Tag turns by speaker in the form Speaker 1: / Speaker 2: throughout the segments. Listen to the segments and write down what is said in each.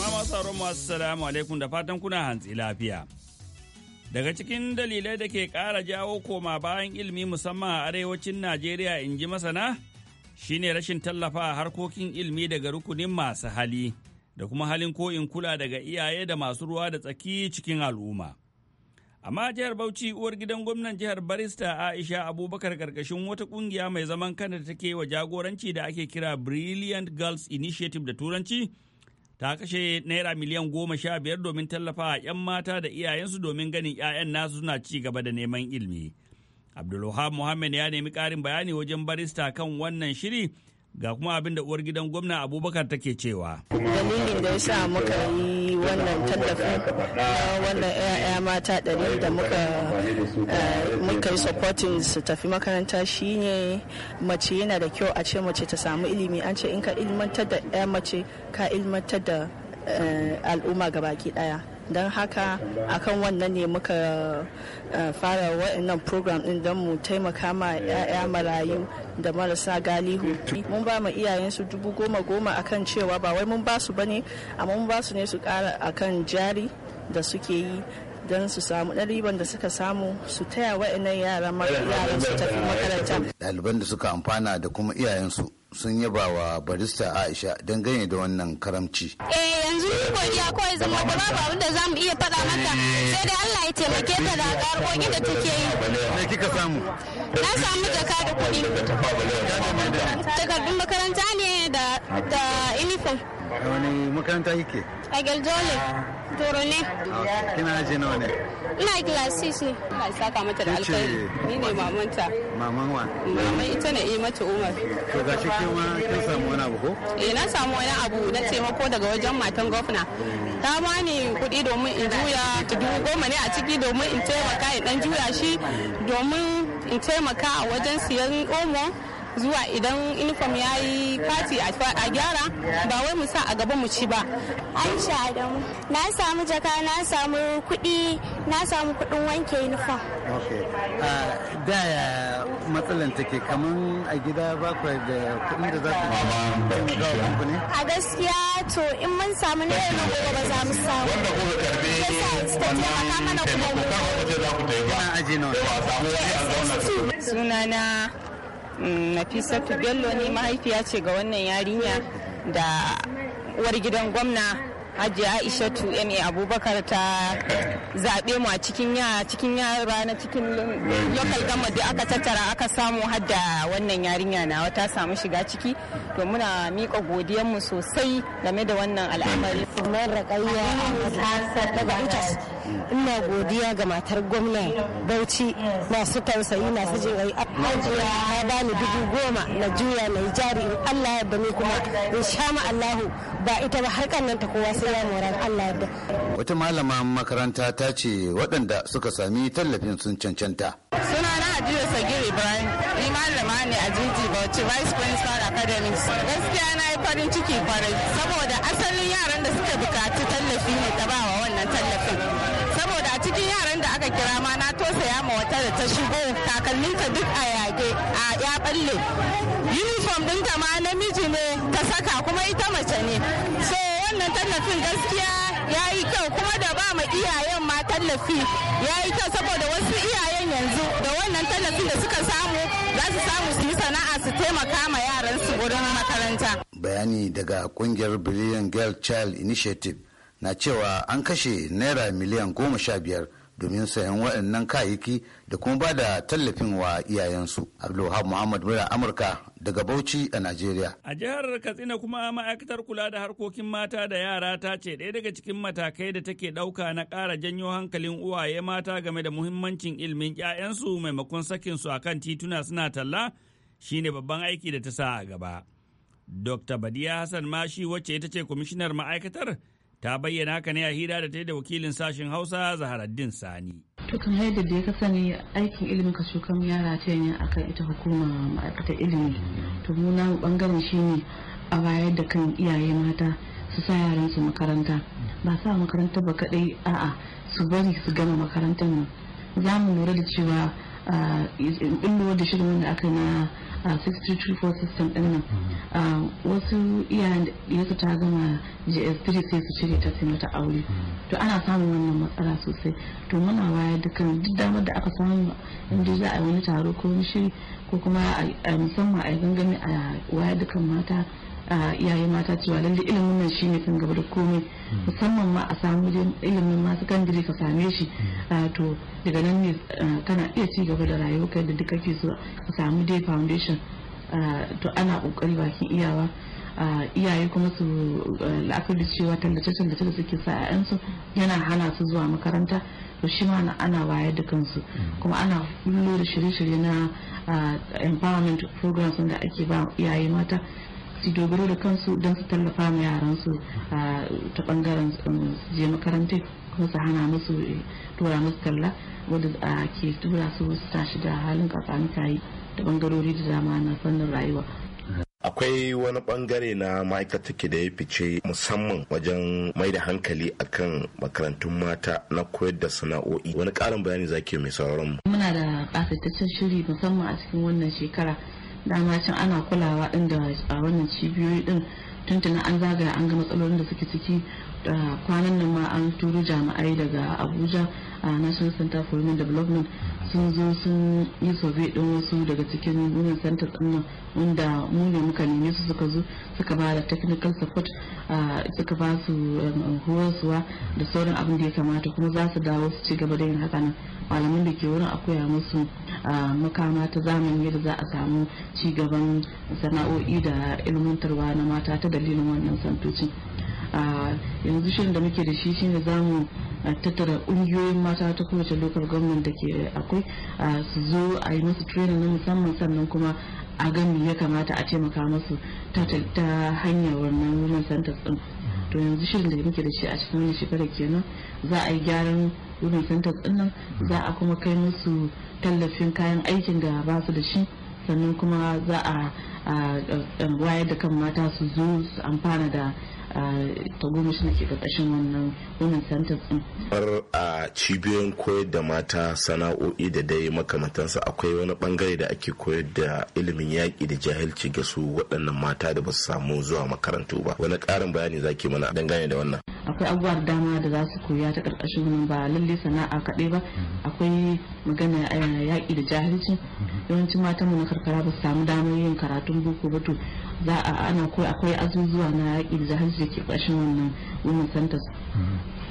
Speaker 1: Jama'a masu sauran masu salamu alaikum da fatan kuna hantsi lafiya. Daga cikin dalilai da ke kara jawo koma bayan ilimi musamman a arewacin Najeriya in ji masana shine rashin tallafa harkokin ilimi daga rukunin masu hali da kuma halin ko'in kula daga iyaye da masu ruwa da tsaki cikin al'umma. Amma jihar Bauchi uwar gidan gwamnan jihar Barista Aisha Abubakar karkashin wata kungiya mai zaman kanta take wa jagoranci da ake kira Brilliant Girls Initiative da Turanci ta kashe naira miliyan goma sha biyar domin tallafa a 'yan mata da iyayensu domin ganin 'ya'yan nasu suna ci gaba da neman ilimi. Abdulwahab Muhammad ya nemi ƙarin bayani wajen barista kan wannan shiri ga kuma abin da uwar gidan gwamna abubakar take cewa
Speaker 2: dalilin da ya sa muka yi wannan
Speaker 3: tallafi wannan 'ya'ya mata ɗari da muka eh, yi supportin su tafi makaranta shine mace yana da kyau a ce mace ta samu ilimi an ce in ka ilmantar da 'ya mace ka ilmantar da eh, al'umma ga baki ɗaya don haka akan wannan ne muka eh, fara waɗannan program ɗin don mu taimaka ma 'ya'ya marayu da marasa galihu mun ba mu iyayensu dubu goma goma akan cewa ba wai mun ba su bane amma mun ba su ne su kara akan jari da suke yi don su samu ɗan riban da suka samu su taya wa'annan yaran
Speaker 2: yaran
Speaker 4: su tafi makaranta ɗaliban da suka amfana da kuma iyayensu sun yaba wa barista Aisha dangane da wannan karamci. Eh
Speaker 2: yanzu ni godiya kawai zama da babu abin da zamu iya faɗa maka sai da Allah ya taimake ta da karkoki da take yi. Me kika samu? Na samu jaka da kuɗi. Takardun makaranta ne da da uniform. A wani makaranta yake? A Geljole. Toro ne. Kina aji nawa ne? Ina classes ne. Ina saka mata da alkhairi. Ni ne mamanta. Maman wa? Maman ita ne eh, mata Umar. To ga shi Eh na samu wani abu na taimako daga wajen matan gwamna. Ta bani kuɗi domin in juya dubu goma ne a ciki domin in taimaka in dan juya shi domin in taimaka a wajen siyan omo zuwa idan uniform ya yi fati a gyara ba wai mu sa a gaba mu ci ba. An Aisha Adamu, na samu jaka na samu kuɗi na samu kuɗin wanke uniform.
Speaker 5: da ya matsalan take kamar a gida ba ku da
Speaker 2: kuɗin da za ku taimaka wa ne? A gaskiya to in mun samu na yau gobe ba za mu samu. Wanda kuka karbe wannan taimakon kan waje za ku taimaka. Ina aji nawa. Sunana Nafisatu Bello ne mahaifiya ce ga wannan yarinya da uwar gidan gwamna Hajiya Aishatu MA Abubakar ta zaɓe mu a cikin yara cikin yara na cikin local gama da aka tattara aka samu hadda wannan yarinya nawa ta samu shiga ciki to muna miƙa godiyar mu sosai game da wannan al'amari. ina godiya ga matar gwamna bauchi masu tausayi masu jin ai ya ba bani dubu goma na juya na jari in allah yadda ni kuma in sha ma allahu ba ita ba har kannan ta kowa sai ya mora allah yadda
Speaker 4: wata malama makaranta ta ce waɗanda suka sami tallafin sun cancanta
Speaker 2: suna na ajiya sagir ibrahim ni malama ne a jiji bauchi vice principal academics gaskiya na yi farin ciki kwarai saboda asalin yaran da suka bukaci tallafi ne ta bawa wannan tallafin a cikin yaran da aka kira ma na tosaya ma wata da ta shigo takalminta duk a yage a ya balle uniform ɗinta ma namiji ne ta saka kuma ita mace ne so wannan tallafin gaskiya ya yi kyau kuma da ba ma iyayen ma tallafi ya yi kyau saboda wasu iyayen yanzu da wannan tallafin da suka samu za su samu su yi sana'a su taimaka ma su wurin makaranta.
Speaker 4: Bayani daga kungiyar Brilliant Girl Child Initiative na cewa an kashe naira miliyan goma sha biyar domin sayan waɗannan kayayyaki da kuma ba da tallafin wa iyayensu. Abdulwahab Muhammad Mura Amurka daga Bauchi a
Speaker 1: nigeria. A jihar Katsina kuma ma'aikatar kula da harkokin mata da yara ta ce ɗaya daga cikin matakai da take ɗauka na ƙara janyo hankalin uwaye mata game da muhimmancin ilimin ƴaƴansu maimakon sakin su akan tituna suna talla shine babban aiki da ta sa a gaba. Dr. Badiya Hassan Mashi wacce ita ce kwamishinar ma'aikatar ta bayyana haka ne a hira da ta da wakilin sashen hausa zaharaddin sani
Speaker 3: to kamar yadda da ka sani aikin ilimin ka shukan yara ta ne akan ita hukumar ma'aikatar ilimi to mu na bangaren ne a wayar da kan iyaye mata su sa yaran su makaranta ba sa makaranta ba kadai a'a su bari su gama makarantar nan za mu lura da cewa in da shirin da aka na 6224 system din nan mm-hmm. ah, wasu iyayen da su ta gama gs3 sai su cire ta sai mata aure mm-hmm. to ana samun wannan matsala sosai to muna waya dukkan duk damar da aka samu inda za a wani taro ko wani shiri ko kuma musamman a gangami a waya dukkan mata iyaye mata cewa lalle ilimin nan shine kan gaba da komai hmm. musamman ma a samu ilimin kan sakandare ka same shi hmm. to daga nan ne kana iya ci gaba da rayuwa da duka ke so ka samu dai foundation to ana kokari bakin iyawa iyaye kuma su la'akari cewa tallace-tallace da suke sa su yana hana su zuwa makaranta to shi ma ana wayar da kansu hmm. kuma ana kullo da shirye-shirye na empowerment programs da ake ba iyaye mata su dogaro da kansu don su tallafa ma a ta bangaren um, su je makarantar kuma su hana musu tura musu talla wadda ke tura su su tashi da halin kakani yi da bangarori da dama na fannin rayuwa
Speaker 4: akwai wani bangare na ma'aikata ke da ya fice musamman wajen mai da hankali akan makarantun mata na koyar da sana'o'i wani karin bayani zaki mai sauraron mu
Speaker 3: muna da kasataccen shiri musamman a cikin wannan shekara dama can ana kulawa din da a wannan cibiyoyi din tuntuna an zagaya an ga matsalolin da suke ciki da kwanan nan ma an turo jami'ai daga abuja a national center for human development sun zo sun yi survey din wasu daga cikin women center din wanda mu ne muka neme su suka zo suka ba da technical support suka ba su horaswa da sauran abin da ya kamata kuma za su dawo su ci gaba da yin haka nan malaman da ke wurin a koya musu makama ta zamani yadda za a samu ci gaban sana'o'i da ilmantarwa na mata ta dalilin wannan santocin yanzu shirin da muke da shi shine za mu tattara ƙungiyoyin mata ta kowace lokal gwamnan da ke akwai su zo a yi musu training na musamman sannan kuma a gami ya kamata a taimaka musu ta hanyar wannan women centers din to yanzu shirin da muke da shi a cikin wani shekarar kenan za a yi gyaran women centers din nan za a kuma kai musu tallafin kayan aikin da ba su da shi sannan kuma za a wayar da kan mata su zo su amfana da ta goma shi ke karkashin wannan women centers din.
Speaker 4: Har a cibiyoyin koyar da mata sana'o'i da dai makamantansa akwai wani bangare da ake koyar da ilimin yaƙi da jahilci ga su waɗannan mata da ba su samu zuwa makarantu ba. Wani ƙarin bayani zaki mana dangane da wannan.
Speaker 3: akwai abubuwa da dama da za su koya ta karkashin wannan ba lalle sana'a kaɗai ba akwai magana yaƙi da jahilci yawancin matan mu na karkara ba su samu damar yin karatun boko ba to za a ana koyi akwai azuzuwa na yaƙi da jahilci da ke ƙarshen wannan women centers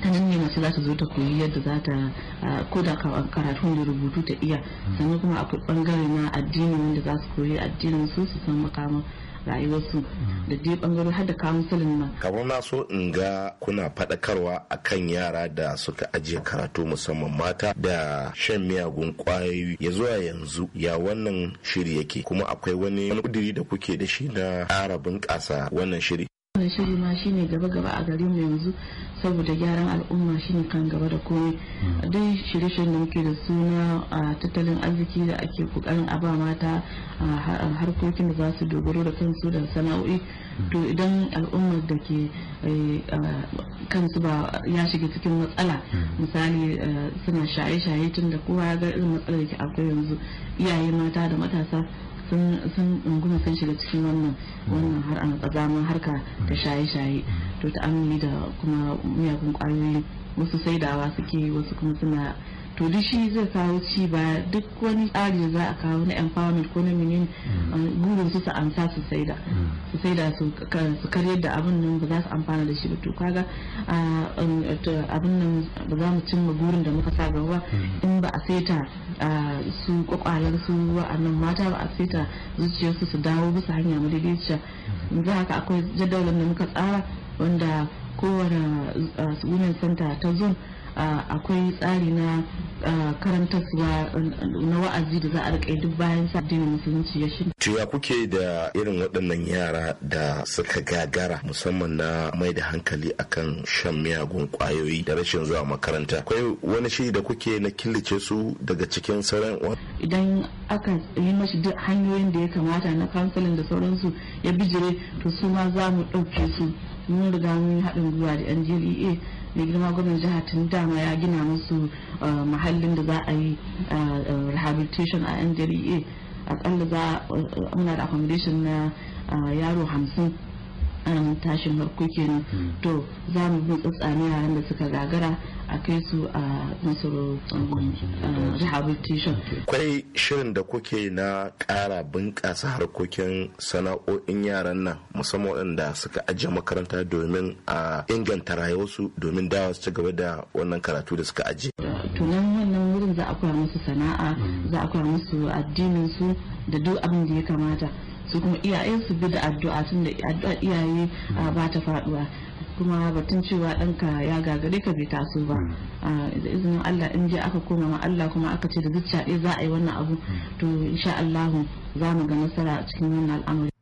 Speaker 3: ta nan ne masu za ta zo ta koyi yadda za ta ko da karatun da rubutu ta iya sannan kuma akwai bangare na addini wanda za su koyi addinin su su san makaman rayuwarsu da dai bangare har da ka musulun nan.
Speaker 4: kamar na so in ga kuna faɗakarwa kan yara da suka ajiye karatu musamman mata da shan miyagun kwayoyi ya zuwa yanzu ya wannan shiri yake kuma akwai wani kudiri da kuke da shi na ƙara bunƙasa wannan shiri.
Speaker 3: wannan shiri ma shine gaba gaba a garin mu yanzu saboda gyaran al'umma shine kan gaba da komai hmm. dai shirye-shiryen da muke da suna a tattalin arziki da ake kokarin a ba mata a harkokin da za su dogaro da kansu da sana'o'i hmm. to idan al'ummar da ke eh, kansu ba ya shiga cikin matsala hmm. misali eh, suna shaye-shaye tun da kowa ya ga irin matsalar da ke akwai yanzu iyaye mata da matasa sun ɗunguma sun shiga cikin wannan wannan har an ƙazamin harka ta shaye-shaye to ta amini da kuma miyagun ƙwayoyi wasu saidawa suke wasu kuma suna to duk shi zai kawo ci ba duk wani tsari za a kawo na empowerment ko na minin mm. um, burin su su amsa su saida mm. su saida su karyar da abin nan ba za su amfana da shi ba to kaga um, abin nan ba za mu cimma burin da muka sa gaba mm. in ba a saita su kwakwalar su wa'annan mata ba a saita zuciyarsu su dawo bisa hanya madaidaiciya yanzu haka akwai jadawalin da muka tsara wanda kowane uh, women center ta zone Ah, akwai tsari na ah, karantarwa na wa'azi da za a riƙe duk bayan sa addinin musulunci ya shiga.
Speaker 4: Tuya kuke da irin waɗannan yara da suka gagara musamman na mai da hankali akan shan miyagun ƙwayoyi da rashin zuwa makaranta. Akwai wani shi da kuke na killace su daga cikin sauran
Speaker 3: Idan aka yi mashi duk hanyoyin da ya kamata na kansalin da sauransu ya bijire to su ma za mu ɗauke su mun riga mun yi haɗin gwiwa da yan mai girma gwamnan jihar tun dama ya gina musu uh, mahallin da za a yi uh, uh, rehabilitation a a akalla za muna da accommodation na yaro hamsin um, tashin harko kenan hmm. to za mu bi tsatsani yaran da suka gagara a kai su a um, uh, jihar rehabilitation.
Speaker 4: Kwai shirin da kuke na ƙara bunƙasa harkokin sana'o'in yaran nan musamman waɗanda suka ajiye makaranta domin a inganta rayuwarsu domin dawa su ci gaba da wannan karatu da suka ajiye.
Speaker 3: Tunan wannan wurin za a koya musu sana'a za a koya musu addinin su da duk abin da ya kamata. su kuma iyayen su bi da addu'a tun da addu'a iyaye uh, ba ta faɗuwa. kuma batun cewa ɗanka ya gagare ka bai taso ba hmm. ah, da izinin Allah in jiya aka koma ma Allah kuma aka ce da zuciya ɗaya za a yi wannan abu hmm. to insha Allah za mu ga nasara cikin wannan al'amari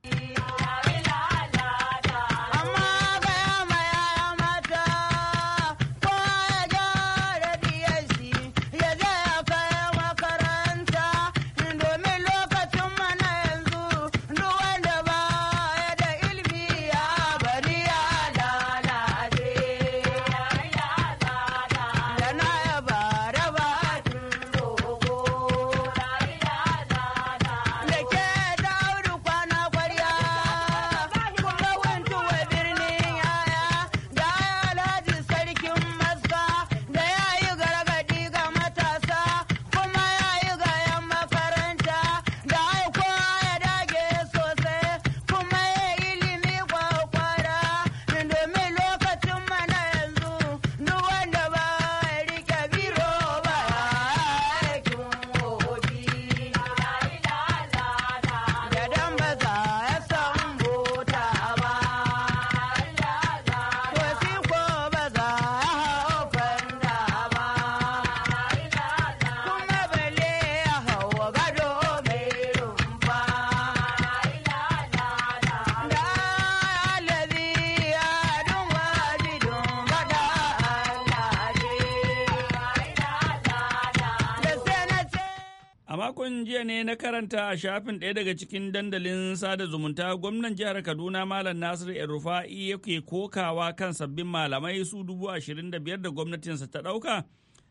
Speaker 1: Ai na karanta a shafin ɗaya daga cikin dandalin sada zumunta gwamnan jihar Kaduna Malam Nasir El-Rufa'i yake kokawa kan sabbin malamai su dubu ashirin da biyar da gwamnatinsa ta ɗauka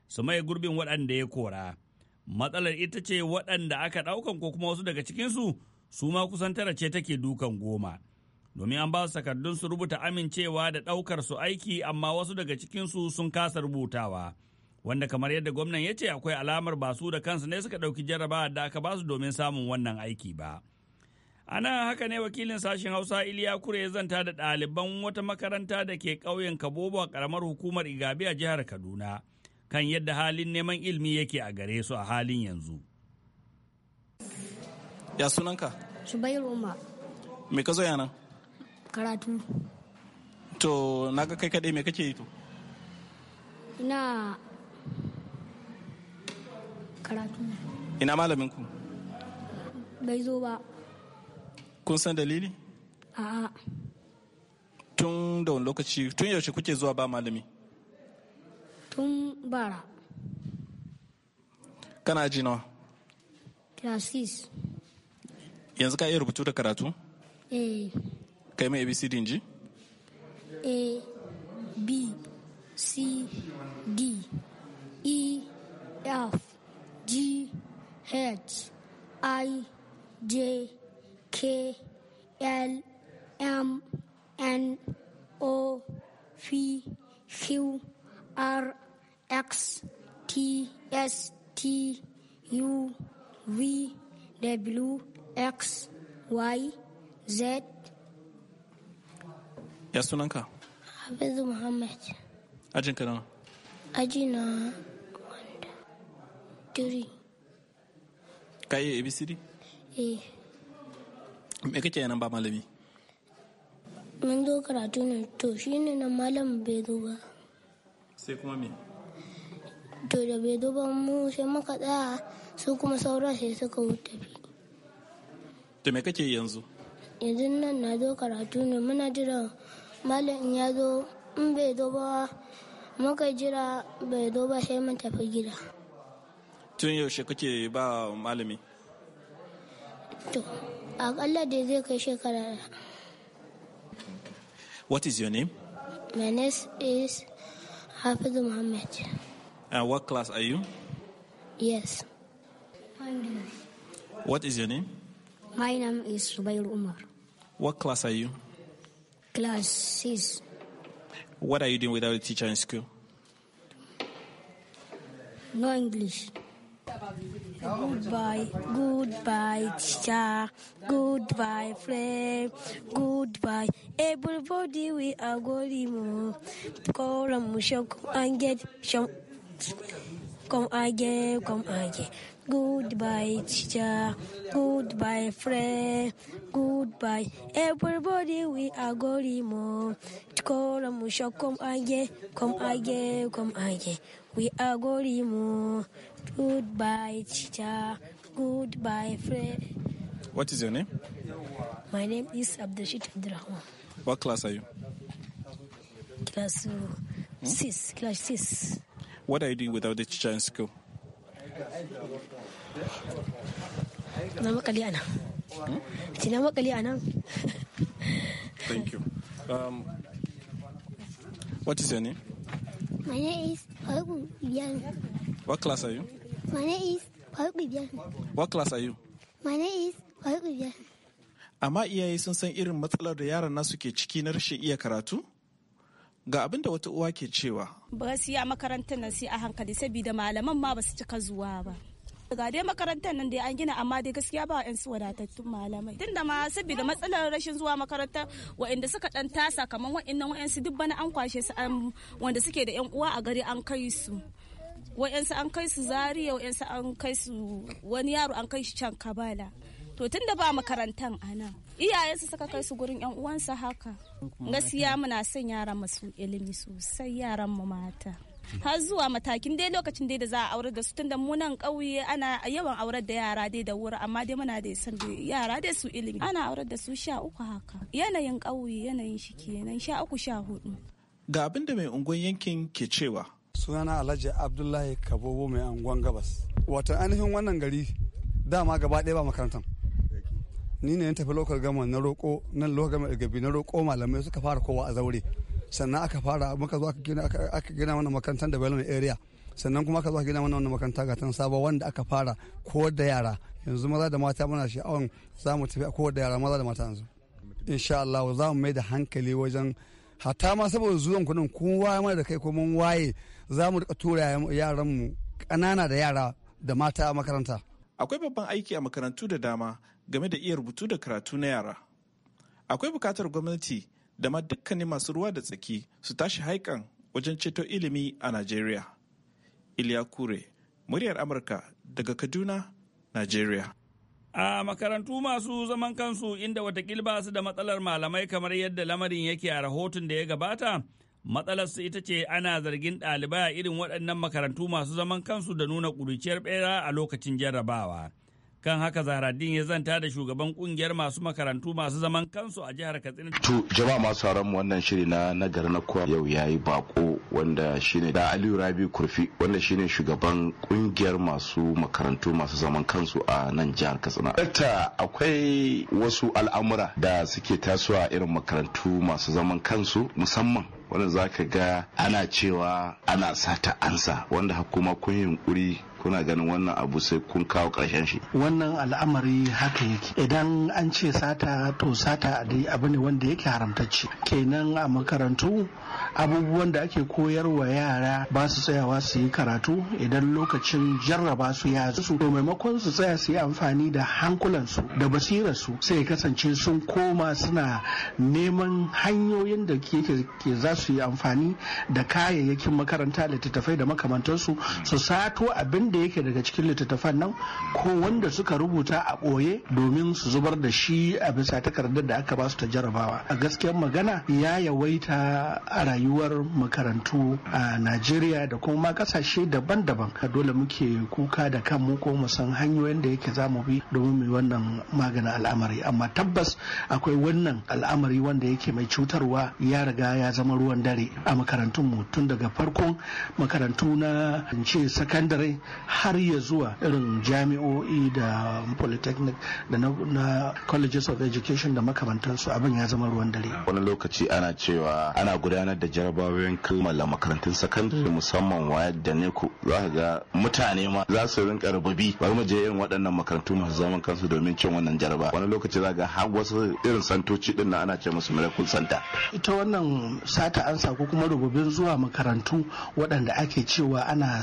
Speaker 1: su mai gurbin waɗanda ya kora. Matsalar ita ce waɗanda aka ɗaukan ko kuma wasu daga cikinsu su ma kusan tara ce take dukan goma. Domin an ba su takardun su rubuta amincewa da ɗaukar su aiki amma wasu daga cikinsu sun kasa rubutawa. wanda kamar yadda gwamnan ya ce akwai alamar ba su da kansu ne suka ɗauki jarabawa da aka ba su domin samun wannan aiki ba. Ana haka ne wakilin sashen Hausa Iliya Kure ya zanta da ɗaliban wata makaranta da ke ƙauyen Kabobo a ƙaramar hukumar Igabi a jihar Kaduna kan yadda halin neman ilimi yake a gare su a halin yanzu. Ya sunanka? Umar. Me ka zo yana?
Speaker 2: Karatu.
Speaker 6: To, na ga kai kaɗai me kake yi to?
Speaker 2: Ina karatu ina malamin ku bai zo ba
Speaker 6: kun san dalili a'a tun da wani lokaci tun yaushe kuke zuwa ba malami
Speaker 2: tun bara kana ji nawa classes
Speaker 6: yanzu ka iya rubutu da karatu eh kai mai abcd in ji
Speaker 2: a b c d e f H I J K L M N O P Q R X T S T U V W X Y Z. Yes, sunanka? Hafizu Muhammad. Ajinka Ajina. Aji ka yi abcd eh
Speaker 6: me kake yana ba malami
Speaker 2: mun zo karatu ne to shine nan malam bai zo ba sai kuma me to da bai zo ba mu sai muka tsaya su kuma sauran sai suka tafi
Speaker 6: to me kake yanzu
Speaker 2: yanzu nan na zo karatu ne muna jira malam ya zo in bai zo ba muka jira bai zo ba sai mun tafi gida
Speaker 6: tun yaushe kuke ba malami
Speaker 2: to akalla da zai kai shekara what is your name my name is hafiz muhammad
Speaker 6: and what class are you yes what is your name
Speaker 2: my name is subair umar
Speaker 6: what class are you
Speaker 2: class 6
Speaker 6: what are you doing without a teacher in school
Speaker 2: no english Goodbye, goodbye, star. Goodbye, flame. Goodbye, everybody. We are going to call and and get Come again, come again. Goodbye, teacher. Goodbye, friend. Goodbye, everybody. We are going to call and Come again, come again, come again. We are Gorimo. Goodbye, teacher. Goodbye, friend. What is your name? My name is Abdeshit Abdurrahman. What class are you? Class hmm? six. Class six.
Speaker 6: What are you doing without the teacher in school? Hmm? Thank you. Um, what is your name?
Speaker 2: My name is Paul What class are you? My name is Paul
Speaker 6: What class are you?
Speaker 2: My name is Paul
Speaker 6: Amma iyaye sun san irin matsalar da yaran nasu ke ciki na rashin iya karatu? Ga abin da wata uwa ke cewa.
Speaker 2: Ba
Speaker 5: siya makarantar nan sai a hankali saboda malaman ma ba su cika zuwa ba. Ga dai makarantar
Speaker 2: nan dai an gina amma dai gaskiya ba yan su wadatattun malamai.
Speaker 5: tun da ma saboda matsalar rashin zuwa makaranta da suka dan tasa kamar waɗannan waɗansu duk bana an kwashe su wanda suke da yan uwa a gari an kai su. Waɗansu an kai su Zaria waɗansu an kai su wani
Speaker 2: yaro an kai shi can Kabala. to tun da ba makarantar a nan iyayen su suka kai su gurin yan uwansa haka gaskiya muna son yaran masu ilimi sosai yaran mu mata har zuwa matakin dai lokacin dai da za a aurar da su tunda mu nan ƙauye ana yawan aurar da yara dai da wuri amma dai muna da san yara dai su ilimi ana aurar da su sha uku haka yanayin ƙauye yanayin shi kenan sha uku sha hudu
Speaker 1: ga abin da mai unguwan yankin ke cewa sunana alhaji abdullahi kabobo mai anguwan gabas watan ainihin wannan gari dama gaba ɗaya ba makarantar ni ne tafi lokal gama na roƙo na lokal gama na roƙo malamai suka fara kowa a zaure sannan aka fara muka zo aka gina mana makarantar development area sannan kuma aka zo aka gina mana wannan makaranta ga sabo wanda aka fara ko da yara yanzu maza da mata muna sha'awan za mu tafi ko da yara maza da mata yanzu insha Allah za mu mai da hankali wajen hata ma saboda zuwan kunan kowa mai da kai ko mun waye za mu rika tura yaran mu kanana da yara da mata a makaranta
Speaker 6: akwai babban aiki a makarantu da dama game da iya rubutu da karatu na yara akwai bukatar gwamnati da ma dukkanin masu ruwa da tsaki su tashi haikan wajen ceto ilimi
Speaker 1: a Najeriya. Iliya Kure, muryar Amurka daga Kaduna, Najeriya. A makarantu masu zaman kansu inda watakila ba su da matsalar malamai kamar yadda lamarin yake a rahoton da ya gabata, matsalar su ita ce ana zargin ɗalibai a irin waɗannan makarantu masu zaman kansu da nuna ƙuruciyar ɓera a lokacin jarrabawa. kan haka zahraddin ya zanta da shugaban kungiyar masu makarantu masu zaman kansu a jihar katsina
Speaker 4: to jama'a masu mu wannan shiri na nagari na kowa yau ya yi bako wanda shine da aliyu rabi kurfi wanda shine shugaban kungiyar masu makarantu masu zaman kansu a nan jihar katsina ta akwai wasu al'amura da suke tasowa irin makarantu masu zaman kansu musamman wanda za ka ga ana cewa ana sata ansa wanda hukuma kun yunkuri kuna ganin wannan abu sai kun kawo ƙarshen shi
Speaker 5: wannan al'amari haka yake idan an ce sata to sata dai abu ne wanda yake haramtacce kenan a makarantu abubuwan da ake koyarwa yara ba su tsayawa su yi karatu idan lokacin jarraba su ya su to maimakon su tsaya su yi amfani da hankulansu da basirarsu sai ya kasance sun koma suna neman hanyoyin da ke za su yi amfani da kayayyakin makaranta littattafai da makamantarsu su sato abin wanda yake daga cikin littattafan nan ko wanda suka rubuta a ɓoye domin su zubar da shi a bisa takardar da aka ba su ta jarabawa a gaskiyar magana ya yawaita a rayuwar makarantu a najeriya da kuma kasashe daban-daban dole muke kuka da kanmu ko mu san hanyoyin da yake za mu bi domin mu wannan maganin al'amari amma tabbas akwai wannan al'amari wanda yake mai cutarwa ya riga ya zama ruwan dare a makarantun mu tun daga farkon makarantu na ce sakandare har ya zuwa irin jami'o'i da polytechnic da na colleges of education da makamantansu abin ya zama
Speaker 4: ruwan dare wani lokaci ana cewa ana gudanar da jarabawoyin kammala makarantun sakandare mm. musamman wayar da ne ku za ka ga mutane ma za su rinka rubabi. bari mu je irin waɗannan makarantu masu zaman kansu domin cin wannan jaraba wani lokaci za ga har wasu irin santoci din na ana ce musu miracle santa
Speaker 5: ita wannan sata an ko kuma rububin zuwa makarantu waɗanda ake cewa ana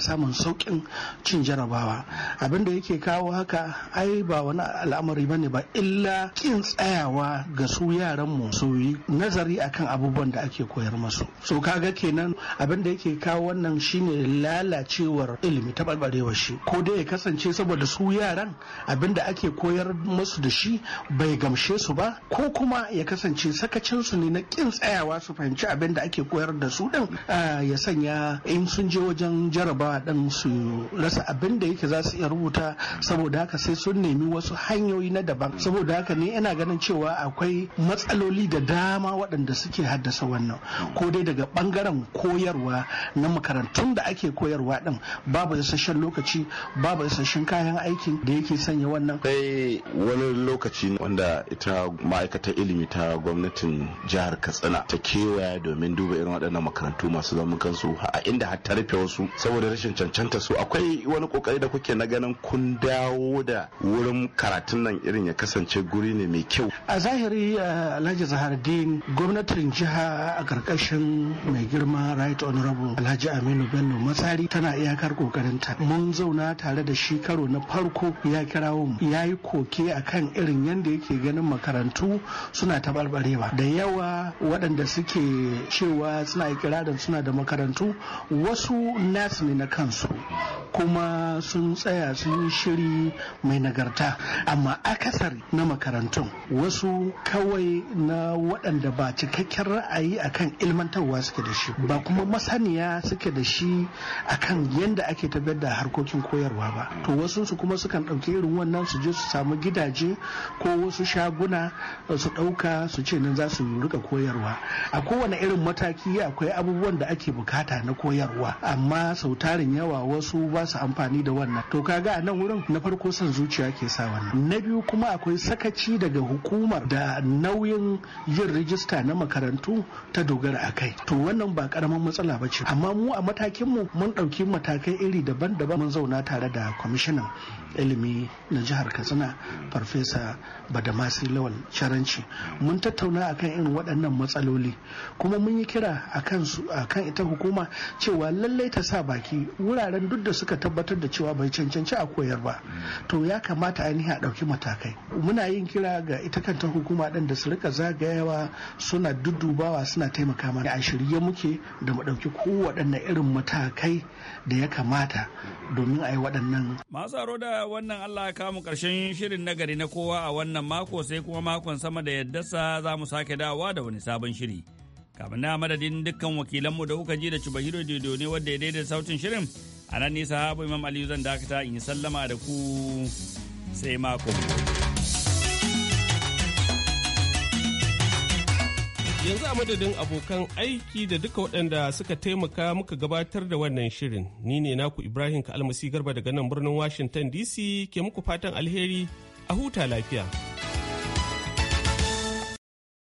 Speaker 5: samun sauƙin cin jarabawa abin da yake kawo haka ai ba wani al'amari ba ne ba illa kin tsayawa ga su yaran mu su yi nazari akan abubuwan da ake koyar masu so kaga kenan abin da yake kawo wannan shine lalacewar ilimi ta barbarewa shi ko dai ya kasance saboda su yaran abin da ake koyar masu da shi bai gamshe su ba ko kuma ya kasance sakacin su ne na kin tsayawa su fahimci abin da ake koyar da su din ah, ya sanya in sun je wajen jarabawa din su su rasa abin da yake za su iya rubuta saboda haka sai sun nemi wasu hanyoyi na daban saboda haka ne ina ganin cewa akwai matsaloli da dama waɗanda suke haddasa wannan ko dai daga ɓangaren koyarwa na makarantun da ake koyarwa ɗin babu isasshen lokaci babu isasshen kayan aikin
Speaker 4: da yake sanya wannan sai wani lokaci wanda ita ma'aikatar ilimi ta gwamnatin jihar katsina ta kewaya domin duba irin waɗannan makarantu masu zaman kansu a inda har ta rufe wasu saboda rashin cancanta su akwai wani kokari da kuke na ganin kun dawo da wurin karatun nan irin ya kasance guri ne mai kyau a zahiri eh, alhaji
Speaker 5: zahardin gwamnatin jiha a karkashin mai girma right honorable alhaji aminu bello matsari tana iyakar kokarinta mun zauna tare da shi karo na farko ya kirawo mu ya yi koke akan irin yadda yake ganin makarantu suna tabarbarewa da yawa waɗanda suke cewa suna ikirarin suna da makarantu wasu nas ne na kansu kuma sun tsaya sun yi shiri mai nagarta amma akasar na makarantun wasu kawai na waɗanda ba cikakken ra'ayi akan ilmantarwa suke da shi ba kuma masaniya suke da shi akan yadda ake tabbatar da harkokin koyarwa ba to wasu su kuma sukan ɗauki irin wannan su je su samu gidaje ko wasu shaguna eh, su ɗauka su ce nan za su rika koyarwa a kowane irin mataki akwai abubuwan da ake bukata na koyarwa amma sau tarin yawa wasu su ba su amfani da wannan to kaga a nan wurin na farko son zuciya ke sa wannan na biyu kuma akwai sakaci daga hukumar da nauyin yin rijista na makarantu ta dogara a kai to wannan ba karamin matsala ba ce amma mu a matakin mu mun ɗauki matakai iri daban-daban mun zauna tare da kwamishinan ilimi na jihar katsina farfesa badamasi lawal sharanci mun tattauna akan irin waɗannan matsaloli kuma mun yi kira akan ita hukuma cewa lallai ta sa baki wuraren duk duk da suka tabbatar da cewa bai cancanci a koyar ba to ya kamata ainihin a ɗauki matakai muna yin kira ga ita kanta hukuma ɗin da su rika zagayawa suna duddubawa suna taimaka mana a shirye muke da mu ɗauki kowaɗanne irin matakai da ya kamata domin a yi waɗannan.
Speaker 1: masu da wannan allah ya mu ƙarshen shirin nagari na kowa a wannan mako sai kuma makon sama da sa za mu sake dawowa da wani sabon shiri. kamar na madadin dukkan wakilanmu da kuka ji da Chubahiro Dodo ne wadda ya daidai sautin shirin a nan nisa habu imam aliyu zan dakata in yi sallama da ku sai mako
Speaker 7: yanzu a madadin abokan aiki da duka waɗanda suka taimaka muka gabatar da wannan shirin ni ne naku ibrahim ka almasi garba daga nan birnin washington dc ke muku fatan alheri a huta lafiya